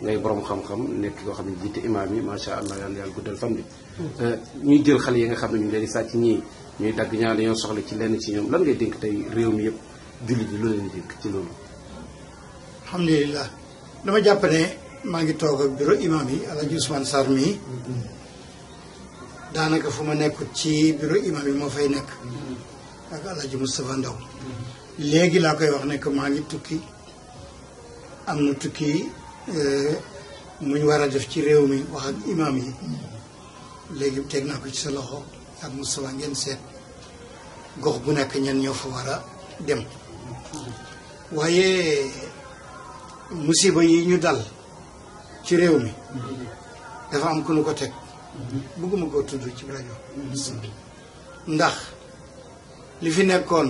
ngay borom xam-xam nekk koo xam ne jiite imaam yi macha allah yàlla yàlla guddal fan bi. Eh, ñuy jël xale yi nga xam ne ñu ngi leen di ñii ñuy dagg ñaar dañoo soxla ci lenn ci ñoom lan ngay dénk tey réew mi yëpp jullit bi loolu leen dénk ci loolu. alhamdulilah dama jàpp ne maa ngi toog ak bureau imaam yi El Hadj Ousmane Sarr mii daanaka ma nekkut ci bureau imaam moo fay nekk ak El Hadj Moustapha Ndaw léegi laa koy wax ne que maa ngi tukki am na tukki. muñ war a def ci réew mi wax ak imaam yi léegi teg naa ko ci sa loxo ak Moustapha ngeen seet gox bu nekk ñan ñoo fa war a dem waaye musiba yi ñu dal ci réew mi dafa am ku ko teg bëgguma koo tudd ci rajo ndax li fi nekkoon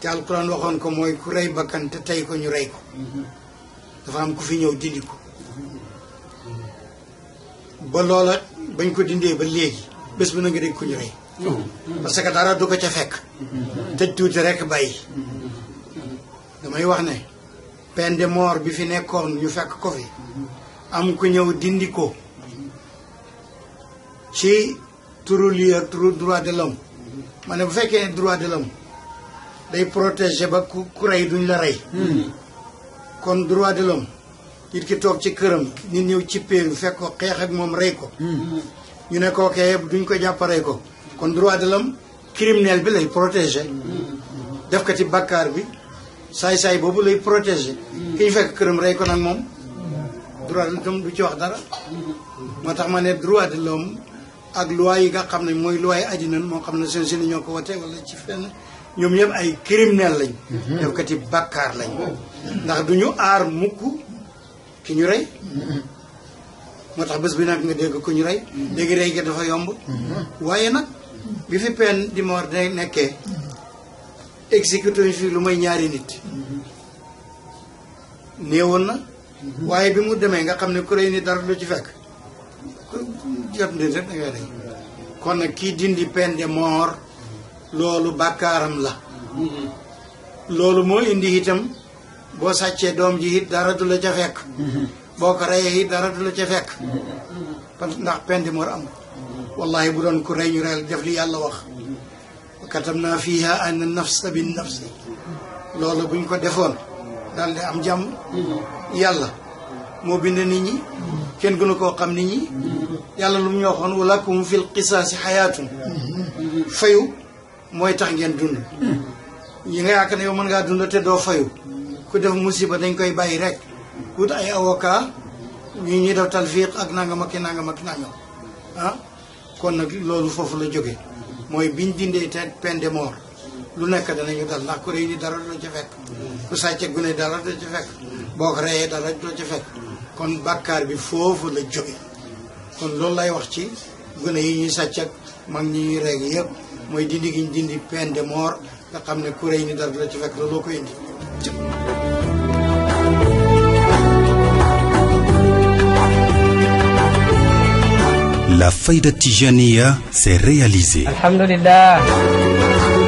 te alquran waxoon ko mooy ku rey bakkan te tey ko ñu rey ko dafa am ku fi ñëw dindi ko ba loola bañ ko dindee ba léegi bés bu na nga dégg ku ñu rey parce que dara du ko ca fekk tëj tuuti rek bàyyi damay wax ne peine de mort bi fi nekkoon ñu fekk ko fi am ku ñëw dindi ko ci turu lii ak turu droit de l'homme ma ne bu fekkee ne droit de l'homme day protéger ba ku rey duñ la rey kon droit de l'homme nit ki toog ci këram nit ñëw ci péeru fekk ko xeex ak moom rey ko hmm. ñu ne ko kee duñ ko jàpp ko kon droit de l'homme criminel bi lay protéger def ko ci bàkkaar bi saay-saay boobu lay protéger hmm. ki fekk këram rey ko nag moom droit de l'homme du ci wax dara moo tax ma ne droit de l'homme ak loi yi nga xam ne mooy loi yi àddina moo xam ne seen seen ñoo ko wote wala ci fenn ñoom ñëpp ay criminel lañ mhm. defkati bàkkaar lañ ndax du ñu aar mukk ki ñu rey mhm. moo tax bés bi nag nga dégg ko ñu rey mhm. léegi rey gi dafa yomb waaye nag bi fi peine de mort day nekkee exécuté ñu fi lu may ñaari nit néewoon na waaye bi mu demee nga xam ne ku rey ni dara lu ci fekk jot ndi kon nag kii dindi peine de mort loolu bàkkaaram la loolu moo indi itam boo sàccee doom ji it dara du la ca fekk boo ko reyee it dara du la ca fekk ndax pend moor am wallahi bu doon ku rey ñu reyal def li yàlla wax katam naa fiiha an nafsa bin nafsi loolu buñ ko defoon daal di am jàmm yàlla moo bind nit ñi kenn gënu koo xam nit ñi yàlla lu mu ñu wala kum fil qisaasi xayaatun fayu mooy tax ngeen dund yi nga yaakaar ne yow mën ngaa dund te doo fayu ku def musiba dañ koy bàyyi rek wut ay avocat ñu ñuy def talfiq ak nangam ak nangam ak nangam ah kon nag loolu foofu la jóge mooy biñ dindee te peine de mort lu nekk danañu dal ndax ku rëy ni dara doo ca fekk ku sàcce gune dara doo ca fekk boo ko reyee dara doo ca fekk kon bàkkaar bi foofu la jóge kon loolu lay wax ci gune yi ñuy sàcc ak mag ñi ñuy rey yëpp mooy dindi gi ñu dindi peine nga xam ne kuréel ni dara la ci fekk looloo ko La Fayda Tijaniya s'est réalisée. Alhamdulillah.